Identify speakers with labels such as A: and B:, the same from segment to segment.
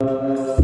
A: Uh...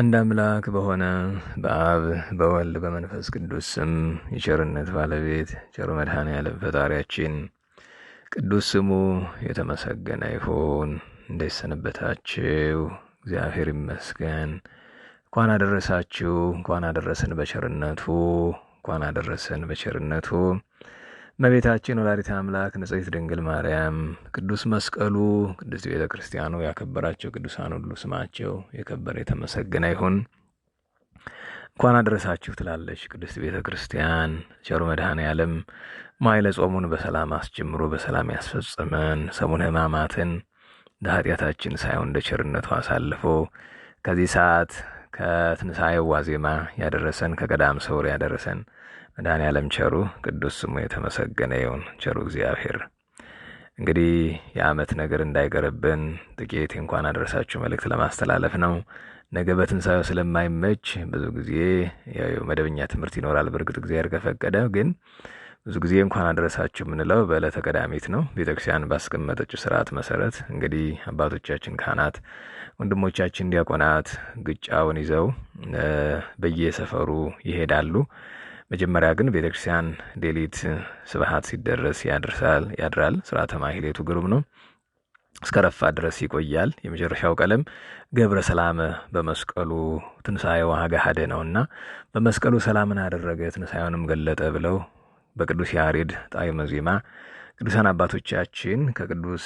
B: አንድ አምላክ በሆነ በአብ በወልድ በመንፈስ ቅዱስ ስም የቸርነት ባለቤት ቸሩ መድሃን ዓለም ፈጣሪያችን ቅዱስ ስሙ የተመሰገነ ይሁን። እንዴት ሰነበታችሁ? እግዚአብሔር ይመስገን። እንኳን አደረሳችሁ፣ እንኳን አደረሰን በቸርነቱ፣ እንኳን አደረሰን በቸርነቱ እመቤታችን ወላዲተ አምላክ ንጽሕት ድንግል ማርያም፣ ቅዱስ መስቀሉ፣ ቅዱስ ቤተ ክርስቲያኑ ያከበራቸው ቅዱሳን ሁሉ ስማቸው የከበረ የተመሰገነ ይሁን። እንኳን አደረሳችሁ ትላለች ቅድስት ቤተ ክርስቲያን። ቸሩ መድኃኔ ዓለም ማይለ ጾሙን በሰላም አስጀምሮ በሰላም ያስፈጽመን። ሰሙን ሕማማትን እንደ ኃጢአታችን ሳይሆን እንደ ቸርነቱ አሳልፎ ከዚህ ሰዓት ከትንሣኤው ዋዜማ ያደረሰን ከገዳም ሰውር ያደረሰን መድኃኔዓለም ቸሩ ቅዱስ ስሙ የተመሰገነ ይሁን። ቸሩ እግዚአብሔር እንግዲህ የዓመት ነገር እንዳይገርብን ጥቂት እንኳን አደረሳችሁ መልእክት ለማስተላለፍ ነው። ነገ በትንሣኤው ስለማይመች ብዙ ጊዜ መደበኛ ትምህርት ይኖራል። በእርግጥ እግዚአብሔር ከፈቀደ ግን ብዙ ጊዜ እንኳን አደረሳችሁ የምንለው በዕለተ ቀዳሚት ነው። ቤተክርስቲያን ባስቀመጠችው ስርዓት መሰረት እንግዲህ አባቶቻችን ካህናት፣ ወንድሞቻችን ዲያቆናት ግጫውን ይዘው በየሰፈሩ ይሄዳሉ። መጀመሪያ ግን ቤተ ክርስቲያን ሌሊት ስብሐት ሲደረስ ያድርሳል ያድራል። ስርዓተ ማሕሌቱ ግሩም ነው። እስከ ረፋ ድረስ ይቆያል። የመጨረሻው ቀለም ገብረ ሰላመ በመስቀሉ ትንሣኤ ነው እና በመስቀሉ ሰላምን አደረገ ትንሣኤውንም ገለጠ ብለው በቅዱስ ያሬድ ጣዕመ ዜማ ቅዱሳን አባቶቻችን ከቅዱስ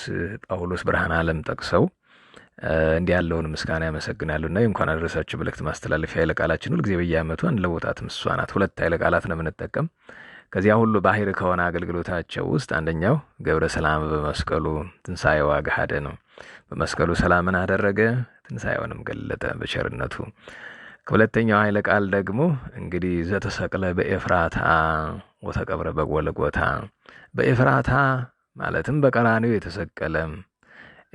B: ጳውሎስ ብርሃን ዓለም ጠቅሰው እንዲህ ያለውን ምስጋና ያመሰግናሉ እና እንኳን አደረሳችሁ መልእክት ማስተላለፊ ኃይለ ቃላችን ሁልጊዜ በየዓመቱ አንለወጣትም፣ እሷ ናት። ሁለት ኃይለ ቃላት ነው የምንጠቀም። ከዚያ ሁሉ ባህር ከሆነ አገልግሎታቸው ውስጥ አንደኛው ገብረ ሰላም በመስቀሉ ትንሣኤ ዋግሃደ ነው። በመስቀሉ ሰላምን አደረገ፣ ትንሣኤውንም ገለጠ በቸርነቱ። ከሁለተኛው ኃይለ ቃል ደግሞ እንግዲህ ዘተሰቅለ በኤፍራታ ወተቀብረ በጎልጎታ በኤፍራታ ማለትም በቀራኒው የተሰቀለም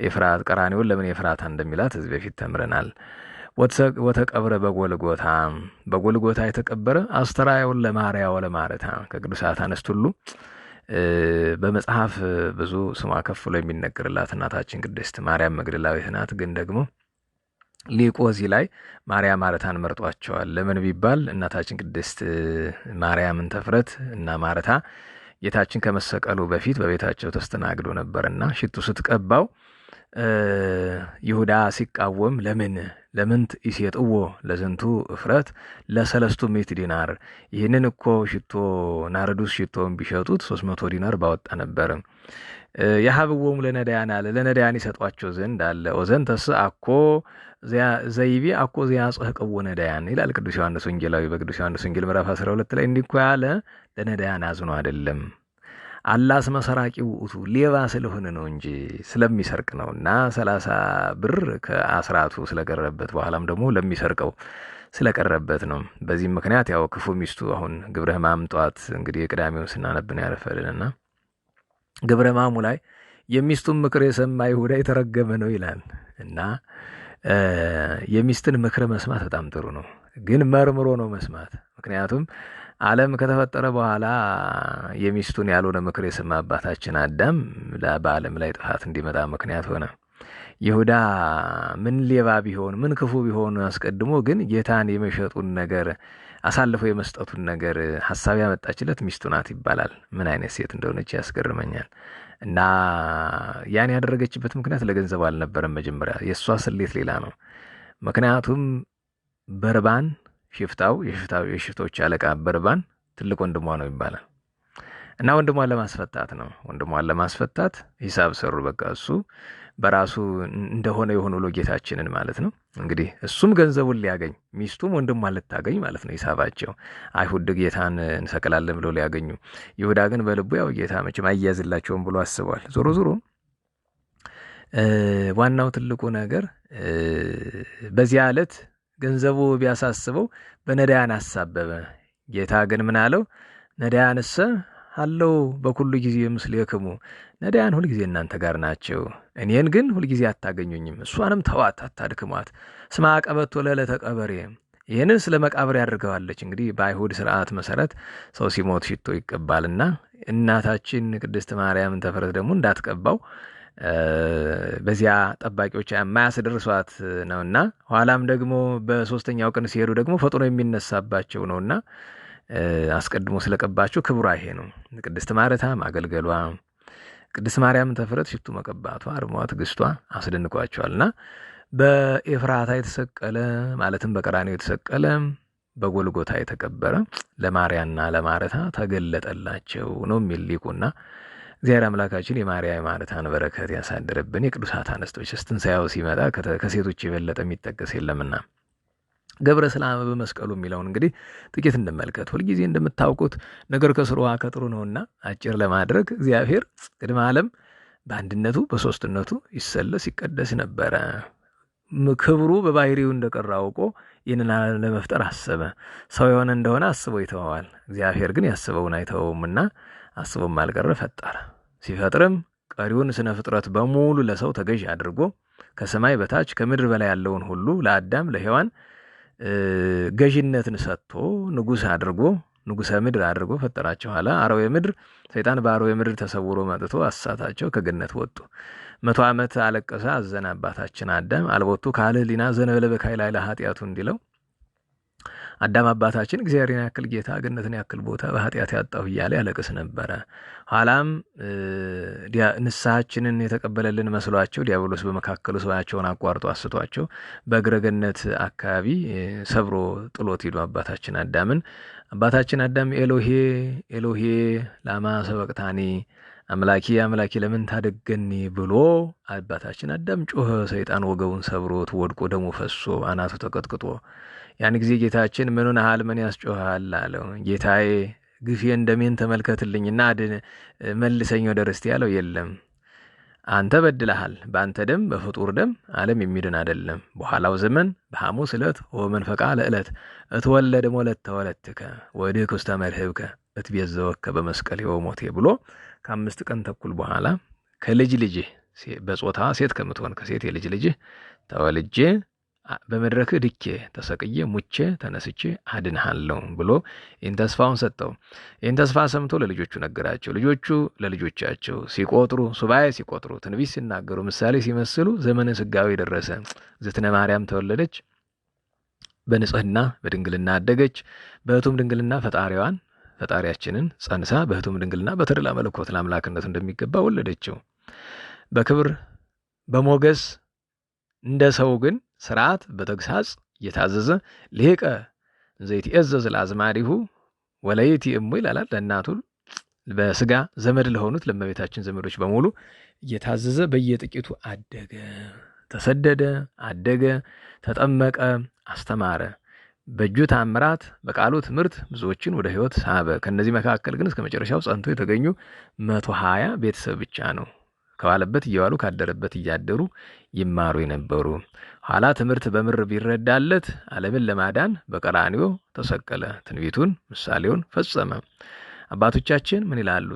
B: ኤፍራት ቀራኒውን ለምን ኤፍራታ እንደሚላት እዚህ በፊት ተምረናል። ወተቀብረ በጎልጎታ በጎልጎታ የተቀበረ አስተራየውን ለማርያ ወለማረታ ከቅዱሳት አንስት ሁሉ በመጽሐፍ ብዙ ስሟ ከፍ የሚነገርላት እናታችን ቅድስት ማርያም መግደላዊት ናት። ግን ደግሞ ሊቆ እዚህ ላይ ማርያም ማረታን መርጧቸዋል። ለምን ቢባል እናታችን ቅድስት ማርያምን ተፍረት እና ማረታ ጌታችን ከመሰቀሉ በፊት በቤታቸው ተስተናግዶ ነበርና ሽቱ ስትቀባው ይሁዳ ሲቃወም ለምን ለምን ይሴጥዎ ለዝንቱ እፍረት ለሰለስቱ ሜት ዲናር ይህንን እኮ ሽቶ ናርዱስ ሽቶን ቢሸጡት ሶስት መቶ ዲናር ባወጣ ነበር። የሀብዎሙ ለነዳያን አለ ለነዳያን ይሰጧቸው ዘንድ አለ ወዘን ተስ አኮ ዘይቢ አኮ ዚያ ጽህቅዎ ነዳያን ይላል ቅዱስ ዮሐንስ ወንጌላዊ በቅዱስ ዮሐንስ ወንጌል ምዕራፍ 12 ላይ እንዲኮ ያለ ለነዳያን አዝኖ አይደለም። አላስ መሰራቂው ውእቱ ሌባ ስለሆነ ነው እንጂ ስለሚሰርቅ ነው እና ሰላሳ ብር ከአስራቱ ስለቀረበት በኋላም ደግሞ ለሚሰርቀው ስለቀረበት ነው። በዚህም ምክንያት ያው ክፉ ሚስቱ አሁን ግብረ ሕማም ጠዋት እንግዲህ የቅዳሜውን ስናነብን ያረፈልንና ግብረ ሕማሙ ላይ የሚስቱን ምክር የሰማ ይሁዳ የተረገመ ነው ይላል እና የሚስትን ምክር መስማት በጣም ጥሩ ነው፣ ግን መርምሮ ነው መስማት ምክንያቱም ዓለም ከተፈጠረ በኋላ የሚስቱን ያልሆነ ምክር የሰማ አባታችን አዳም በዓለም ላይ ጥፋት እንዲመጣ ምክንያት ሆነ። ይሁዳ ምን ሌባ ቢሆን ምን ክፉ ቢሆን አስቀድሞ ግን ጌታን የመሸጡን ነገር አሳልፎ የመስጠቱን ነገር ሀሳብ ያመጣችለት ሚስቱ ናት ይባላል። ምን አይነት ሴት እንደሆነች ያስገርመኛል። እና ያን ያደረገችበት ምክንያት ለገንዘብ አልነበረም። መጀመሪያ የእሷ ስሌት ሌላ ነው። ምክንያቱም በርባን ሽፍታው የሽፍታው የሽፍቶች አለቃ በርባን ትልቅ ወንድሟ ነው ይባላል። እና ወንድሟን ለማስፈታት ነው። ወንድሟን ለማስፈታት ሂሳብ ሰሩ። በቃ እሱ በራሱ እንደሆነ የሆኑ ሎጌታችንን ጌታችንን ማለት ነው እንግዲህ እሱም ገንዘቡን ሊያገኝ ሚስቱም ወንድሟን ልታገኝ ማለት ነው ሂሳባቸው። አይሁድ ጌታን እንሰቅላለን ብሎ ሊያገኙ፣ ይሁዳ ግን በልቡ ያው ጌታ መቼም አያዝላቸውም ብሎ አስበዋል። ዞሮ ዞሮ ዋናው ትልቁ ነገር በዚያ ዕለት ገንዘቡ ቢያሳስበው በነዳያን አሳበበ። ጌታ ግን ምን አለው? ነዳያንሰ አለው በኩሉ ጊዜ ምስሌክሙ፣ ነዳያን ሁልጊዜ እናንተ ጋር ናቸው፣ እኔን ግን ሁልጊዜ አታገኙኝም። እሷንም ተዋት፣ አታድክሟት። ስማ ቀበቶ ለዕለተ ቀበሬ ይህንን ስለ መቃብር ያደርገዋለች። እንግዲህ በአይሁድ ስርዓት መሰረት ሰው ሲሞት ሽቶ ይቀባልና እናታችን ቅድስት ማርያምን ተፈረት ደግሞ እንዳትቀባው በዚያ ጠባቂዎች የማያስደርሷት እና ኋላም ደግሞ በሶስተኛው ቀን ሲሄዱ ደግሞ ፈጥኖ የሚነሳባቸው ነው እና አስቀድሞ ስለቀባቸው ክብሯ ይሄ ነው። ቅድስት ማረታም አገልገሏ፣ ቅድስት ማርያም ተፍረት ሽቱ መቀባቷ፣ አርሟ፣ አስደንቋቸዋል አስደንቋቸዋልና በኤፍራታ የተሰቀለ ማለትም በቀራኔው የተሰቀለ በጎልጎታ የተቀበረ ለማርያና ለማረታ ተገለጠላቸው ነው የሚል ሊቁና እግዚአብሔር አምላካችን የማርያ የማርታን በረከት ያሳደረብን የቅዱሳት አነስቶች ስትንሳኤው ሲመጣ ከሴቶች የበለጠ የሚጠቀስ የለምና ገብረ ሰላም በመስቀሉ የሚለውን እንግዲህ ጥቂት እንመልከት። ሁልጊዜ እንደምታውቁት ነገር ከስሩ ከጥሩ ነውና አጭር ለማድረግ እግዚአብሔር ቅድመ ዓለም በአንድነቱ በሶስትነቱ ይሰለስ ይቀደስ ነበረ። ክብሩ በባህሪው እንደቀረ አውቆ ይህንን ለመፍጠር አሰበ። ሰው የሆነ እንደሆነ አስቦ ይተወዋል። እግዚአብሔር ግን ያስበውን አይተወውምና አስቦም አልቀረ ፈጠረ። ሲፈጥርም ቀሪውን ስነ ፍጥረት በሙሉ ለሰው ተገዥ አድርጎ ከሰማይ በታች ከምድር በላይ ያለውን ሁሉ ለአዳም ለሔዋን ገዥነትን ሰጥቶ ንጉሥ አድርጎ ንጉሠ ምድር አድርጎ ፈጠራቸው። ኋላ አረዌ ምድር ሰይጣን በአረዌ ምድር ተሰውሮ መጥቶ አሳታቸው፣ ከገነት ወጡ። መቶ ዓመት አለቀሰ አዘነ አባታችን አዳም አልቦቱ ሊና ዘነበለ በካይ ላይ ለኃጢአቱ እንዲለው አዳም አባታችን እግዚአብሔርን ያክል ጌታ ገነትን ያክል ቦታ በኃጢአት ያጣሁ እያለ ያለቅስ ነበረ። ኋላም ንስሐችንን የተቀበለልን መስሏቸው ዲያብሎስ በመካከሉ ሰማያቸውን አቋርጦ አስቷቸው በእግረገነት አካባቢ ሰብሮ ጥሎት ሂዱ አባታችን አዳምን አባታችን አዳም ኤሎሄ ኤሎሄ ላማ ሰበቅታኔ አምላኪ አምላኪ ለምን ታደገኒ ብሎ አባታችን አዳም ጮኸ። ሰይጣን ወገቡን ሰብሮት ወድቆ ደሞ ፈሶ አናቱ ተቀጥቅጦ፣ ያን ጊዜ ጌታችን ምኑን አህል ምን ያስጮሃል አለው። ጌታዬ ግፌ እንደሜን ተመልከትልኝና መልሰኝ ወደ ርስቴ ያለው የለም አንተ በድለሃል። በአንተ ደም በፍጡር ደም ዓለም የሚድን አይደለም። በኋላው ዘመን በሐሙስ ዕለት ወመንፈቃ ለዕለት እትወለድ ሞለት ተወለትከ ወድህ ክስተ መድህብከ እትቤዘወከ በመስቀል የወሞቴ ብሎ ከአምስት ቀን ተኩል በኋላ ከልጅ ልጅ በጾታ ሴት ከምትሆን ከሴት የልጅ ልጅ ተወልጄ በመድረክ ድኬ ተሰቅዬ ሙቼ ተነስቼ አድንሃለሁ ብሎ ይህን ተስፋውን ሰጠው። ይህን ተስፋ ሰምቶ ለልጆቹ ነገራቸው። ልጆቹ ለልጆቻቸው ሲቆጥሩ፣ ሱባኤ ሲቆጥሩ፣ ትንቢት ሲናገሩ፣ ምሳሌ ሲመስሉ ዘመነ ስጋዊ ደረሰ። ዝትነ ማርያም ተወለደች፣ በንጽህና በድንግልና አደገች። በእቱም ድንግልና ፈጣሪዋን ፈጣሪያችንን ጸንሳ በሕቱም ድንግልና በተድላ መለኮት ለአምላክነት እንደሚገባ ወለደችው። በክብር በሞገስ እንደ ሰው ግን ስርዓት በተግሳጽ እየታዘዘ ሊቀ ዘይትእዘዝ ለአዝማሪሁ ወለይቲ እሙ ይላላል። ለእናቱ በስጋ ዘመድ ለሆኑት ለመቤታችን ዘመዶች በሙሉ እየታዘዘ በየጥቂቱ አደገ፣ ተሰደደ፣ አደገ፣ ተጠመቀ፣ አስተማረ። በእጁ ታምራት በቃሉ ትምህርት ብዙዎችን ወደ ህይወት ሳበ። ከእነዚህ መካከል ግን እስከ መጨረሻው ጸንቶ የተገኙ መቶ ሀያ ቤተሰብ ብቻ ነው። ከባለበት እየዋሉ ካደረበት እያደሩ ይማሩ የነበሩ ኋላ ትምህርት በምር ቢረዳለት ዓለምን ለማዳን በቀራንዮ ተሰቀለ። ትንቢቱን ምሳሌውን ፈጸመ። አባቶቻችን ምን ይላሉ?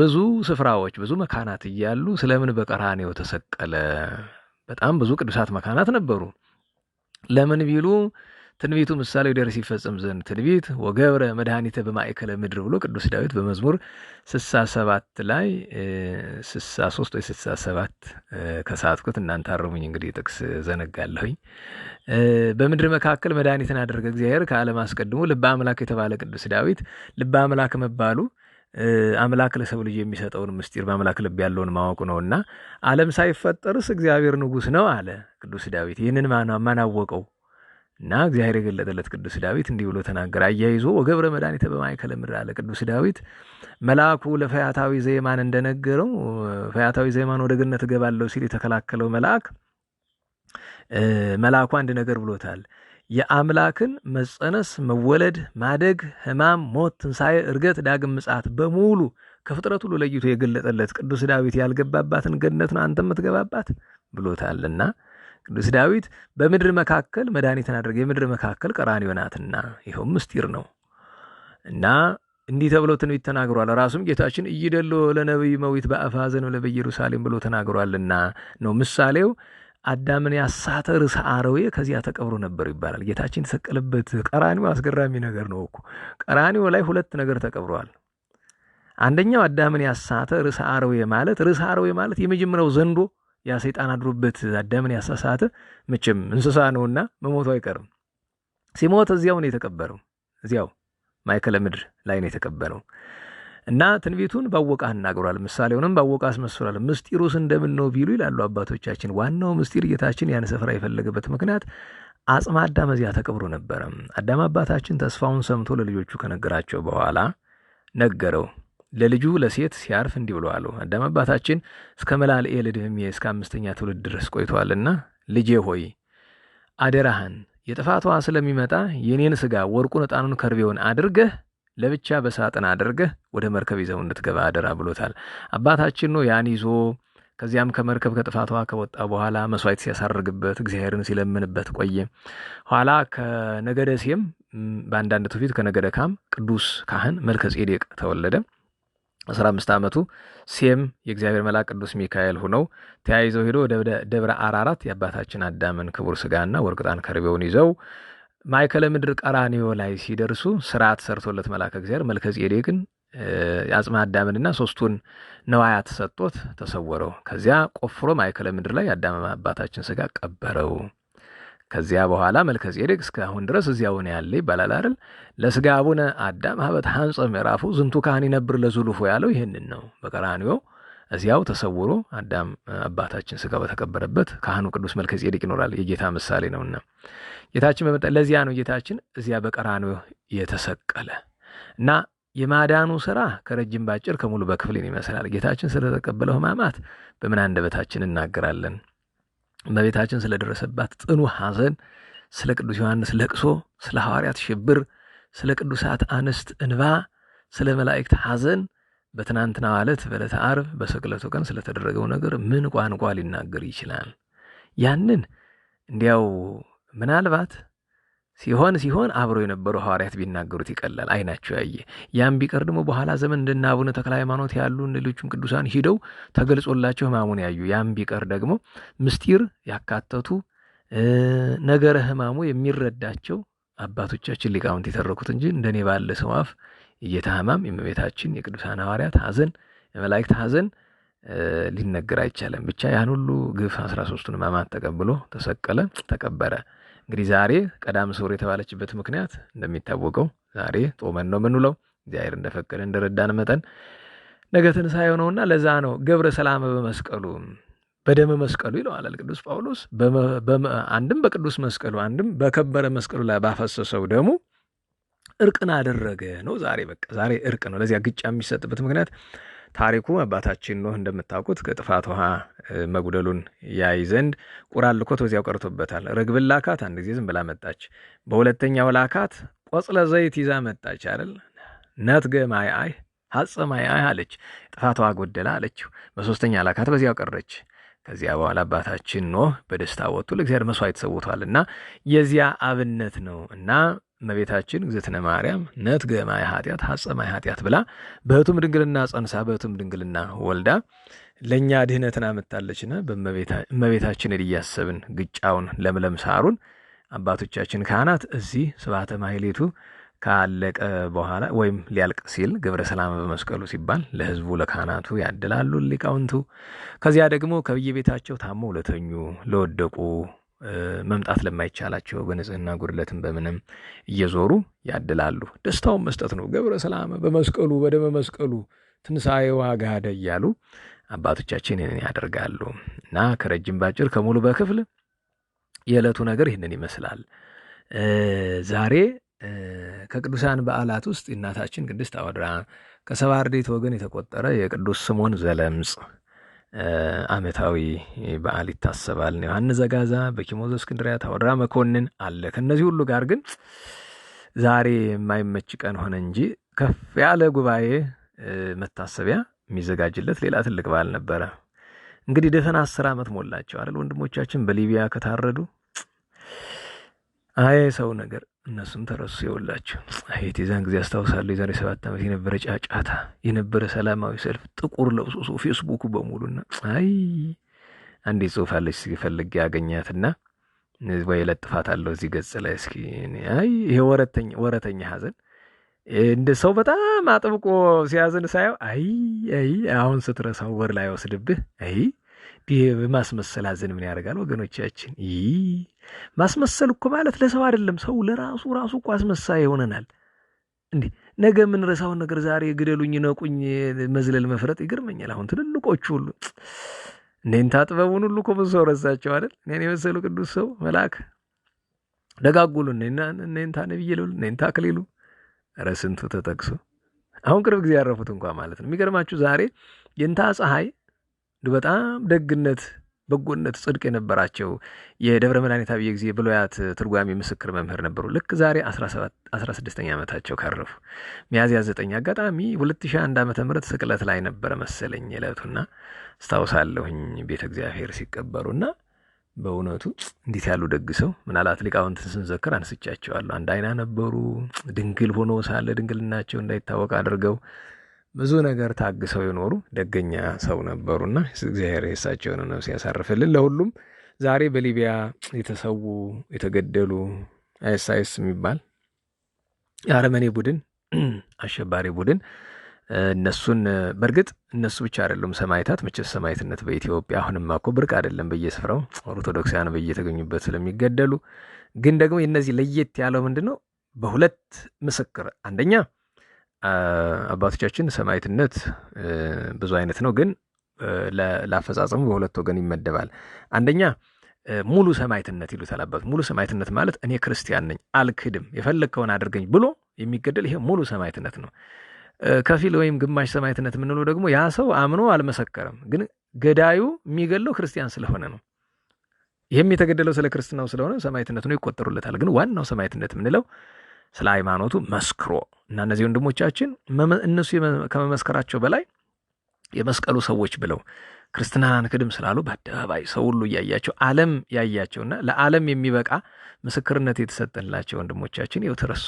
B: ብዙ ስፍራዎች ብዙ መካናት እያሉ ስለምን በቀራንዮ ተሰቀለ? በጣም ብዙ ቅዱሳት መካናት ነበሩ። ለምን ቢሉ ትንቢቱ ምሳሌው ደርስ ይፈጸም ዘንድ ትንቢት ወገብረ መድኃኒተ በማእከለ ምድር ብሎ ቅዱስ ዳዊት በመዝሙር 67 ላይ 63 ወይ 67 ከሰዓትኩት እናንተ አረሙኝ። እንግዲህ ጥቅስ ዘነጋለሁኝ። በምድር መካከል መድኃኒትን አደረገ እግዚአብሔር ከዓለም አስቀድሞ ልበ አምላክ የተባለ ቅዱስ ዳዊት ልበ አምላክ መባሉ አምላክ ለሰው ልጅ የሚሰጠውን ምስጢር በአምላክ ልብ ያለውን ማወቁ ነውና ዓለም ሳይፈጠርስ እግዚአብሔር ንጉሥ ነው አለ ቅዱስ ዳዊት። ይህንን ማናወቀው እና እግዚአብሔር የገለጠለት ቅዱስ ዳዊት እንዲህ ብሎ ተናገረ። አያይዞ ወገብረ መድኃኒተ በማእከለ ምድር አለ ቅዱስ ዳዊት መልአኩ ለፈያታዊ ዘይማን እንደነገረው ፈያታዊ ዘይማን ወደ ገነት እገባለሁ ሲል የተከላከለው መልአክ መልአኩ አንድ ነገር ብሎታል። የአምላክን መጸነስ፣ መወለድ፣ ማደግ፣ ሕማም፣ ሞት፣ ትንሣኤ፣ እርገት፣ ዳግም ምጽአት በሙሉ ከፍጥረት ሁሉ ለይቶ የገለጠለት ቅዱስ ዳዊት ያልገባባትን ገነት ነው አንተ የምትገባባት ብሎታልና ቅዱስ ዳዊት በምድር መካከል መድኃኒትን አድርገ የምድር መካከል ቀራንዮ ናትና ይኸውም ምስጢር ነው እና እንዲህ ተብሎ ትንቢት ተናግሯል። ራሱም ጌታችን እይደሎ ለነቢይ መዊት በአፋዘን ለበኢየሩሳሌም ብሎ ተናግሯልና ነው ምሳሌው አዳምን ያሳተ ርዕሰ አረዌ ከዚያ ተቀብሮ ነበር ይባላል። ጌታችን የተሰቀለበት ቀራኒዎ አስገራሚ ነገር ነው እኮ። ቀራኒዎ ላይ ሁለት ነገር ተቀብሯል። አንደኛው አዳምን ያሳተ ርዕሰ አረዌ ማለት ርዕሰ አረዌ ማለት የመጀመሪያው ዘንዶ ያ ሰይጣን አድሮበት አዳምን ያሳሳተ መቼም እንስሳ ነውና መሞቱ አይቀርም። ሲሞት እዚያው ነው የተቀበረው፣ እዚያው ማይከለ ምድር ላይ ነው የተቀበረው እና ትንቢቱን ባወቀ አናግሯል። ምሳሌውንም ባወቀ አስመስሏል። ምስጢሩስ እንደምን ነው ቢሉ ይላሉ አባቶቻችን፣ ዋናው ምስጢር ጌታችን ያን ስፍራ የፈለገበት ምክንያት አጽመ አዳም እዚያ ተቀብሮ ነበረ። አዳም አባታችን ተስፋውን ሰምቶ ለልጆቹ ከነገራቸው በኋላ ነገረው ለልጁ ለሴት ሲያርፍ እንዲህ ብለዋል። አዳም አባታችን እስከ መላልኤል ዕድሜ እስከ አምስተኛ ትውልድ ድረስ ቆይተዋልና ልጄ ሆይ አደራህን የጥፋቷ ስለሚመጣ የኔን ስጋ ወርቁን፣ ዕጣኑን፣ ከርቤውን አድርገህ ለብቻ በሳጥን አድርገህ ወደ መርከብ ይዘው እንድትገባ አደራ ብሎታል። አባታችን ነው ያን ይዞ ከዚያም ከመርከብ ከጥፋቷ ከወጣ በኋላ መስዋዕት ሲያሳርግበት እግዚአብሔርን ሲለምንበት ቆየ። ኋላ ከነገደ ሴም በአንዳንድ ትውፊት ከነገደ ካም ቅዱስ ካህን መልከ ጼዴቅ ተወለደ። አስራ አምስት ዓመቱ ሴም የእግዚአብሔር መልአክ ቅዱስ ሚካኤል ሆነው ተያይዘው ሄዶ ደብረ አራራት የአባታችን አዳምን ክቡር ስጋና ወርቅጣን ከርቤውን ይዘው ማይከለ ምድር ቀራኒዮ ላይ ሲደርሱ ስርዓት ሰርቶለት መልአከ እግዚአብሔር መልከ ጼዴቅን አጽመ አዳምንና ሶስቱን ነዋያት ሰጦት ተሰወረው። ከዚያ ቆፍሮ ማይከለ ምድር ላይ የአዳም አባታችን ስጋ ቀበረው። ከዚያ በኋላ መልከጼዴቅ እስካሁን ድረስ እዚያውን ያለ ይባላል አይደል? ለስጋ አቡነ አዳም ሀበት ሐንጸ ምዕራፉ ዝንቱ ካህን ይነብር ለዙሉፎ ያለው ይህንን ነው። በቀራንዮ እዚያው ተሰውሮ አዳም አባታችን ስጋ በተቀበረበት ካህኑ ቅዱስ መልከጼዴቅ ይኖራል። የጌታ ምሳሌ ነውና ጌታችን በመጣ ለዚያ ነው ጌታችን እዚያ በቀራንዮ የተሰቀለ እና የማዳኑ ስራ ከረጅም ባጭር ከሙሉ በክፍልን ይመስላል። ጌታችን ስለተቀበለው ሕማማት በምን አንደበታችን እናገራለን? እመቤታችን ስለደረሰባት ጽኑ ሐዘን፣ ስለ ቅዱስ ዮሐንስ ለቅሶ፣ ስለ ሐዋርያት ሽብር፣ ስለ ቅዱሳት አንስት እንባ፣ ስለ መላእክት ሐዘን በትናንትና ዕለት በዕለተ ዓርብ በስቅለቱ ቀን ስለተደረገው ነገር ምን ቋንቋ ሊናገር ይችላል? ያንን እንዲያው ምናልባት ሲሆን ሲሆን አብሮ የነበሩ ሐዋርያት ቢናገሩት ይቀላል፣ አይናቸው ያየ ያም ቢቀር ደግሞ በኋላ ዘመን እንደነ አቡነ ተክለ ሃይማኖት ያሉ ሌሎችም ቅዱሳን ሂደው ተገልጾላቸው ሕማሙን ያዩ ያም ቢቀር ደግሞ ምስጢር ያካተቱ ነገረ ሕማሙ የሚረዳቸው አባቶቻችን ሊቃውንት የተረኩት እንጂ እንደኔ ባለ ሰው አፍ የጌታ ሕማም የእመቤታችን የቅዱሳን ሐዋርያት ሐዘን የመላእክት ሐዘን ሊነገር አይቻልም። ብቻ ያን ሁሉ ግፍ አስራ ሶስቱን ሕማማት ተቀብሎ ተሰቀለ፣ ተቀበረ። እንግዲህ ዛሬ ቀዳም ስዑር የተባለችበት ምክንያት እንደሚታወቀው ዛሬ ጾመን ነው የምንውለው። እግዚአብሔር እንደፈቀደ እንደረዳን መጠን ነገ ትንሣኤ ነውና ለዛ ነው ገብረ ሰላም በመስቀሉ በደመ መስቀሉ ይለዋል ቅዱስ ጳውሎስ። አንድም በቅዱስ መስቀሉ አንድም በከበረ መስቀሉ ላይ ባፈሰሰው ደሙ እርቅን አደረገ ነው። ዛሬ በቃ ዛሬ እርቅ ነው። ለዚያ ግጫ የሚሰጥበት ምክንያት ታሪኩ አባታችን ኖህ እንደምታውቁት ከጥፋት ውሃ መጉደሉን ያይ ዘንድ ቁራ ልኮት ወዚያው ቀርቶበታል። ርግብን ላካት፣ አንድ ጊዜ ዝም ብላ መጣች። በሁለተኛው ላካት፣ ቆጽለ ዘይት ይዛ መጣች አይደል? ነትገ ማይአይ ሀጸ ማይአይ አለች። ጥፋት ውሃ ጎደላ አለችው። በሶስተኛ ላካት፣ በዚያው ቀረች። ከዚያ በኋላ አባታችን ኖህ በደስታ ወጡ። ለእግዚአብሔር መስዋዕት ሰውቷል እና የዚያ አብነት ነው እና እመቤታችን እግዝእትነ ማርያም ነትገ ማየ ኃጢአት ሐፀ ማየ ኃጢአት ብላ በሕቱም ድንግልና ጸንሳ በሕቱም ድንግልና ወልዳ ለእኛ ድህነትን አመጣለችና እመቤታችንን እያሰብን ግጫውን ለምለም ሳሩን አባቶቻችን ካህናት እዚህ ስብሐተ ማሕሌቱ ካለቀ በኋላ ወይም ሊያልቅ ሲል ግብረ ሰላም በመስቀሉ ሲባል ለህዝቡ ለካህናቱ ያድላሉ ሊቃውንቱ። ከዚያ ደግሞ ከብየቤታቸው ታመው ለተኙ ለወደቁ መምጣት ለማይቻላቸው በንጽህና ጉድለትም በምንም እየዞሩ ያድላሉ። ደስታውን መስጠት ነው። ገብረ ሰላም በመስቀሉ በደመ መስቀሉ ትንሣኤ ዋጋደ እያሉ አባቶቻችን ይህንን ያደርጋሉ እና ከረጅም ባጭር ከሙሉ በክፍል የዕለቱ ነገር ይህንን ይመስላል። ዛሬ ከቅዱሳን በዓላት ውስጥ እናታችን ቅድስት አወድራ ከሰባ አርድእት ወገን የተቆጠረ የቅዱስ ስሞን ዘለምጽ ዓመታዊ በዓል ይታሰባል። ዮሐንስ ዘጋዛ፣ በኪሞዞ እስክንድሪያ፣ ታወራ መኮንን አለ። ከእነዚህ ሁሉ ጋር ግን ዛሬ የማይመች ቀን ሆነ እንጂ ከፍ ያለ ጉባኤ መታሰቢያ የሚዘጋጅለት ሌላ ትልቅ በዓል ነበረ። እንግዲህ ደፈና አስር ዓመት ሞላቸው አይደል? ወንድሞቻችን በሊቢያ ከታረዱ አይ ሰው ነገር እነሱም ተረሱ። የወላችሁ ሄት የዛን ጊዜ አስታውሳለሁ። የዛሬ ሰባት ዓመት የነበረ ጫጫታ የነበረ ሰላማዊ ሰልፍ ጥቁር ለብሶ ሰው ፌስቡክ በሙሉና አይ አንዴ ጽሁፍ አለች እስኪ ፈልጌ ያገኛትና ወይ ለጥፋት አለው እዚህ ገጽ ላይ እስኪ አይ ይሄ ወረተኛ ወረተኛ ሀዘን እንደ ሰው በጣም አጥብቆ ሲያዝን ሳየው አይ አይ አሁን ስትረሳው ወር ላይ ወስድብህ አይ ማስመሰል ሀዘን ምን ያደርጋል ወገኖቻችን ይህ ማስመሰል እኮ ማለት ለሰው አይደለም፣ ሰው ለራሱ ራሱ እኮ አስመሳይ ይሆነናል። እንዴ ነገ የምንረሳውን ነገር ዛሬ ግደሉኝ፣ ነቁኝ፣ መዝለል፣ መፍረጥ ይገርመኛል። አሁን ትልልቆቹ ሁሉ እኔንታ ጥበቡን ሁሉ እኮ ብዙ ሰው ረሳቸው አይደል? እኔን የመሰሉ ቅዱስ ሰው መልአክ ደጋጉሉ እኔንታ ነብዬ ልብል እኔንታ አክሊሉ ረስንቱ ተጠቅሶ አሁን ቅርብ ጊዜ ያረፉት እንኳ ማለት ነው። የሚገርማችሁ ዛሬ የንታ ፀሐይ በጣም ደግነት በጎነት፣ ጽድቅ የነበራቸው የደብረ መድኃኒት አብየ ጊዜ ብሎያት ትርጓሜ ምስክር መምህር ነበሩ። ልክ ዛሬ 16ኛ ዓመታቸው ካረፉ ሚያዝያ 9 አጋጣሚ 2001 ዓ ምህረት ስቅለት ላይ ነበረ መሰለኝ ዕለቱና አስታውሳለሁኝ ቤተ እግዚአብሔር ሲቀበሩና በእውነቱ እንዴት ያሉ ደግ ሰው። ምናልባት ሊቃውንትን ስንዘክር አንስቻቸዋለሁ። አንድ አይና ነበሩ። ድንግል ሆኖ ሳለ ድንግልናቸው እንዳይታወቅ አድርገው ብዙ ነገር ታግሰው የኖሩ ደገኛ ሰው ነበሩና እግዚአብሔር የእሳቸውን ነፍስ ያሳርፍልን። ለሁሉም ዛሬ በሊቢያ የተሰዉ የተገደሉ አይሳይስ የሚባል የአረመኔ ቡድን አሸባሪ ቡድን እነሱን በእርግጥ እነሱ ብቻ አይደሉም ሰማይታት። መቼስ ሰማይትነት በኢትዮጵያ አሁንም እኮ ብርቅ አይደለም፣ በየስፍራው ኦርቶዶክሳያን በየተገኙበት ስለሚገደሉ። ግን ደግሞ የነዚህ ለየት ያለው ምንድን ነው? በሁለት ምስክር አንደኛ አባቶቻችን ሰማዕትነት ብዙ አይነት ነው፣ ግን ለአፈጻጸሙ በሁለት ወገን ይመደባል። አንደኛ ሙሉ ሰማዕትነት ይሉታል አባት። ሙሉ ሰማዕትነት ማለት እኔ ክርስቲያን ነኝ አልክድም፣ የፈለግከውን አድርገኝ ብሎ የሚገደል ይሄ ሙሉ ሰማዕትነት ነው። ከፊል ወይም ግማሽ ሰማዕትነት የምንለው ደግሞ ያ ሰው አምኖ አልመሰከረም፣ ግን ገዳዩ የሚገለው ክርስቲያን ስለሆነ ነው። ይህም የተገደለው ስለ ክርስትናው ስለሆነ ሰማዕትነት ነው ይቆጠሩለታል። ግን ዋናው ሰማዕትነት የምንለው ስለ ሃይማኖቱ መስክሮ እና እነዚህ ወንድሞቻችን እነሱ ከመመስከራቸው በላይ የመስቀሉ ሰዎች ብለው ክርስትናን አንክድም ስላሉ በአደባባይ ሰው ሁሉ እያያቸው ዓለም ያያቸውና ለዓለም የሚበቃ ምስክርነት የተሰጠንላቸው ወንድሞቻችን ይኸው ተረሱ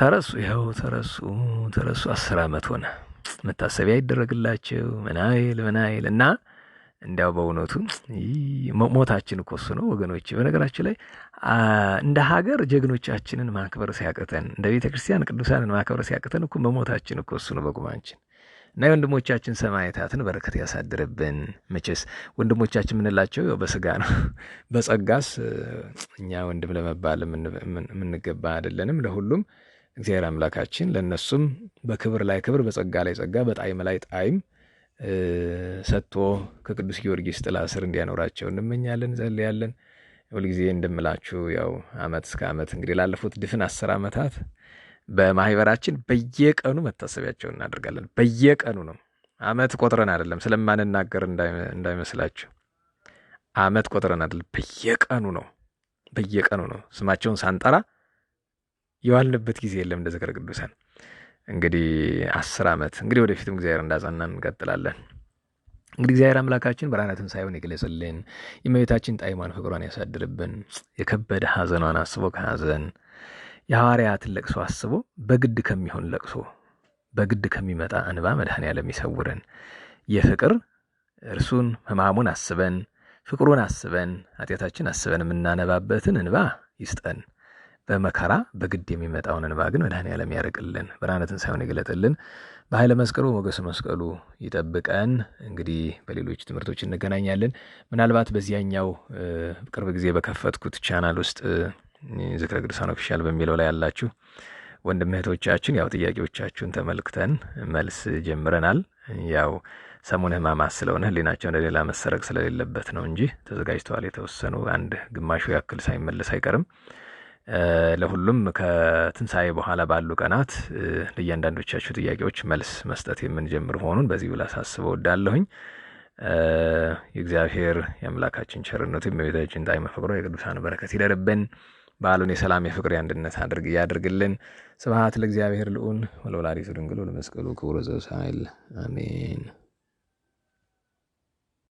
B: ተረሱ ይኸው ተረሱ ተረሱ። አስር ዓመት ሆነ። መታሰቢያ ይደረግላቸው ምናይል ምናይል እና እንዲያው በእውነቱ ሞታችን እኮ እሱ ነው ወገኖች። በነገራችን ላይ እንደ ሀገር ጀግኖቻችንን ማክበር ሲያቅተን፣ እንደ ቤተ ክርስቲያን ቅዱሳንን ማክበር ሲያቅተን እኮ በሞታችን እኮ እሱ ነው በቁማችን እና የወንድሞቻችን ሰማዕታትን በረከት ያሳድርብን። መቼስ ወንድሞቻችን የምንላቸው በስጋ ነው፣ በጸጋስ እኛ ወንድም ለመባል የምንገባ አይደለንም። ለሁሉም እግዚአብሔር አምላካችን ለእነሱም በክብር ላይ ክብር፣ በጸጋ ላይ ጸጋ፣ በጣዕም ላይ ጣዕም ሰጥቶ ከቅዱስ ጊዮርጊስ ጥላ ስር እንዲያኖራቸው እንመኛለን፣ እንጸልያለን። ሁልጊዜ እንደምላችሁ ያው አመት እስከ አመት እንግዲህ ላለፉት ድፍን አስር ዓመታት በማህበራችን በየቀኑ መታሰቢያቸውን እናደርጋለን። በየቀኑ ነው። አመት ቆጥረን አይደለም፣ ስለማንናገር እንዳይመስላችሁ። አመት ቆጥረን አይደለም፣ በየቀኑ ነው። በየቀኑ ነው። ስማቸውን ሳንጠራ የዋልንበት ጊዜ የለም እንደ ቅዱሳን እንግዲህ አስር ዓመት እንግዲህ ወደፊትም እግዚአብሔር እንዳጸናን እንቀጥላለን። እንግዲህ እግዚአብሔር አምላካችን ብርሃነ ትንሣኤውን የገለጸልን የእመቤታችን ጣዕሟን ፍቅሯን ያሳድርብን። የከበደ ሐዘኗን አስቦ ከሐዘን የሐዋርያትን ለቅሶ አስቦ በግድ ከሚሆን ለቅሶ በግድ ከሚመጣ እንባ መድኃኔዓለም ይሰውረን። የፍቅር እርሱን ሕማሙን አስበን ፍቅሩን አስበን ኃጢአታችን አስበን የምናነባበትን እንባ ይስጠን። በመከራ በግድ የሚመጣውን እንባ ግን መድኃኔዓለም ያርቅልን፣ ብርሃነ ትንሣኤውን ይግለጥልን፣ በኃይለ መስቀሉ ሞገስ መስቀሉ ይጠብቀን። እንግዲህ በሌሎች ትምህርቶች እንገናኛለን። ምናልባት በዚያኛው ቅርብ ጊዜ በከፈትኩት ቻናል ውስጥ ዝክረ ቅዱሳን ኦፊሻል በሚለው ላይ ያላችሁ ወንድም እህቶቻችን ያው ጥያቄዎቻችሁን ተመልክተን መልስ ጀምረናል። ያው ሰሙነ ሕማማት ስለሆነ ሕሊናቸው እንደሌላ መሰረቅ ስለሌለበት ነው እንጂ ተዘጋጅተዋል። የተወሰኑ አንድ ግማሹ ያክል ሳይመለስ አይቀርም። ለሁሉም ከትንሣኤ በኋላ ባሉ ቀናት ለእያንዳንዶቻችሁ ጥያቄዎች መልስ መስጠት የምንጀምር መሆኑን ብላ ሳስበ ወዳለሁኝ የእግዚአብሔር የአምላካችን ቸርነቱ የመቤታችን ጣዕመ ፍቅሯ የቅዱሳን በረከት ይደርብን። በዓሉን የሰላም የፍቅር የአንድነት አድርግ እያድርግልን። ስብሐት ለእግዚአብሔር ልዑል ወለወላዲቱ ድንግል ወለመስቀሉ ክቡር ዘውሳይል አሜን።